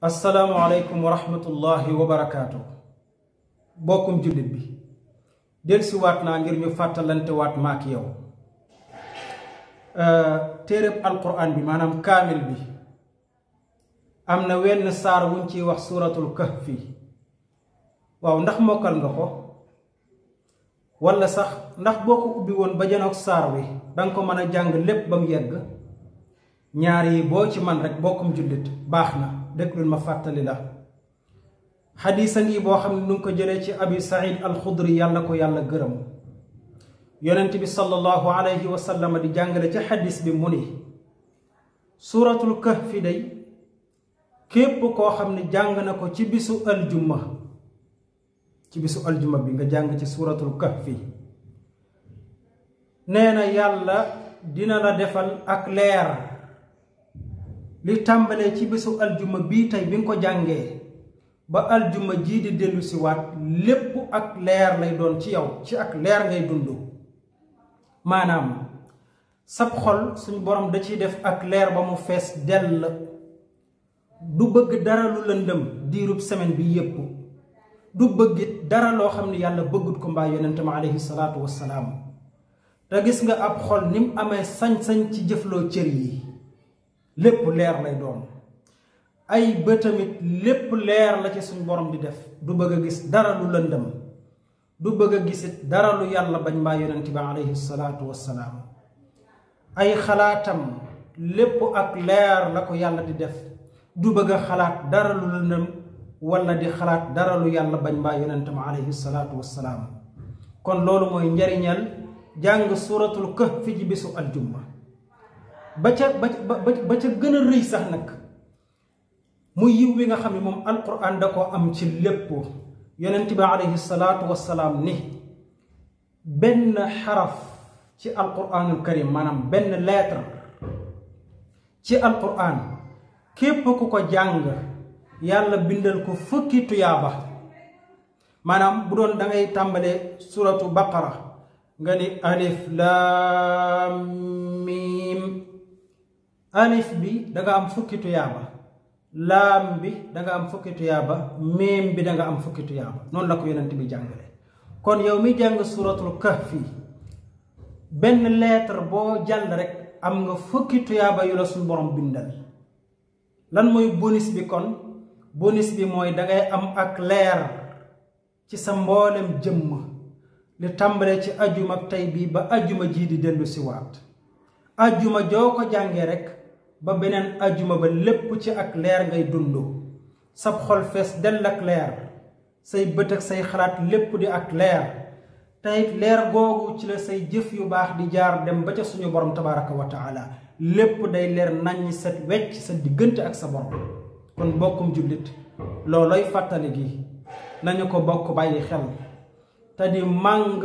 asalaamualeykum wa rahmatullahi wa barakaatu bokkum jullit bi delsiwaat naa ngir ñu fàttalante waat maak yow euh, téereb alquran bi maanaam kaamil bi am na wenn saar wuñ ciy wax suuratul kahfi waaw ndax mokkal nga ko wala sax ndax boo ko ubbi woon ba janoog saar wi danga ko mën a jàng lépp ba mu yegg ñaar yi boo ci man rekk bokkum jullit baax na déglul ma fàttali la xadiisa ngi boo xam ne nu ngi ko jëlee ci abi said alxudri yàlla ko yàlla gërëm yonent bi sallallahu alayhi wa sallam di jàngale ci xadis bi mu ni suuratul kahfi day képp koo xam ne jàng na ko ci bisu aljuma ci bisu aljuma bi nga jàng ci suuratul kahfi nee na yàlla dina la defal ak leer li tàmbalee ci bésu aljuma bii tey bi nga ko jàngee ba aljuma jii di dellu waat lépp ak leer lay doon ci yow ci ak leer ngay dund maanaam sab xol suñu borom da ciy def ak leer ba mu fees dell du bëgg dara lu lëndëm diirub semaine bi yépp du bëggit dara loo xam ne yàlla bëggut ko mbaa yonente ma aleyhi salaatu wassalaam te gis nga ab xol ni mu amee sañ-sañ ci jëfloo cër yi lépp leer lay doon ay ba lépp leer la ci suñu borom di def du bëgg a gis dara lu lëndëm du bëgg a gisit dara lu yàlla bañ mbaa yonent bi aleyhi salaatu wassalaam ay xalaatam lépp ak leer la ko yàlla di def du xalaat dara lu di xalaat dara lu yàlla bañ mbaa yonentam aleyhi salaatu kon loolu mooy njariñal jàng suuratul kahf fi ci bisu aljumma ba ca ba ba ca gën rëy sax nag muy yiw wi nga xam ni moom alquran da koo am ci lépp yonent bi alayhi salaatu wasalaam ni benn xaraf ci alquranul karim maanaam benn lettre ci alquran képp ku ko jàng yàlla bindal ko fukki tuyaaba maanaam bu doon da ngay tàmbalee suratu baqara nga ni alif lam alif bi da nga am fukki tuyaba lam bi da nga am fukki tuyaba mim bi da nga am fukki tuyaba non la ko yonent bi jangale kon yow mi jang suratul kahfi ben lettre bo jàll rek am nga fukki tuyaba yu la borom bindal lan moy bonus bi kon bonus bi moy da ngay am ak leer ci sa mboolem jëm li tàmbale ci ajuma tay bi ba ajuma jii di ci si waat ajuma joo rek ba beneen ajuma ba lépp ci ak leer ngay dund sab xol fees dell ak leer say bët ak say xalaat lépp di ak leer teyit leer googu ci la say jëf yu baax di jaar dem ba ca suñu borom tabaraka wa taala lépp day leer naññ set wecc sa diggante ak sa borom kon bokkum jullit looloy fàttali gi nañu ko bokk bàyyi xel te di màng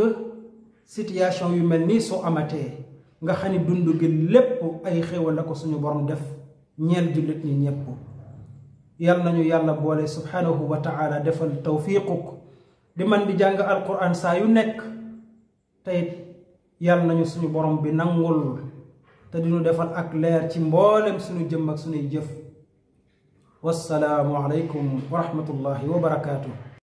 situation yu mel nii soo amatee nga xani dundu gi lepp ay xewal la suñu borom def ñeel julit ñi ñepp yal nañu yalla boole subhanahu wa taala defal tawfiquk di man di jang alquran sa yu nek tay yal nañu suñu borom bi nangul te dinu defal ak leer ci mboolem suñu jëm ak suñu jëf wassalamu alaykum wa rahmatullahi wa barakatuh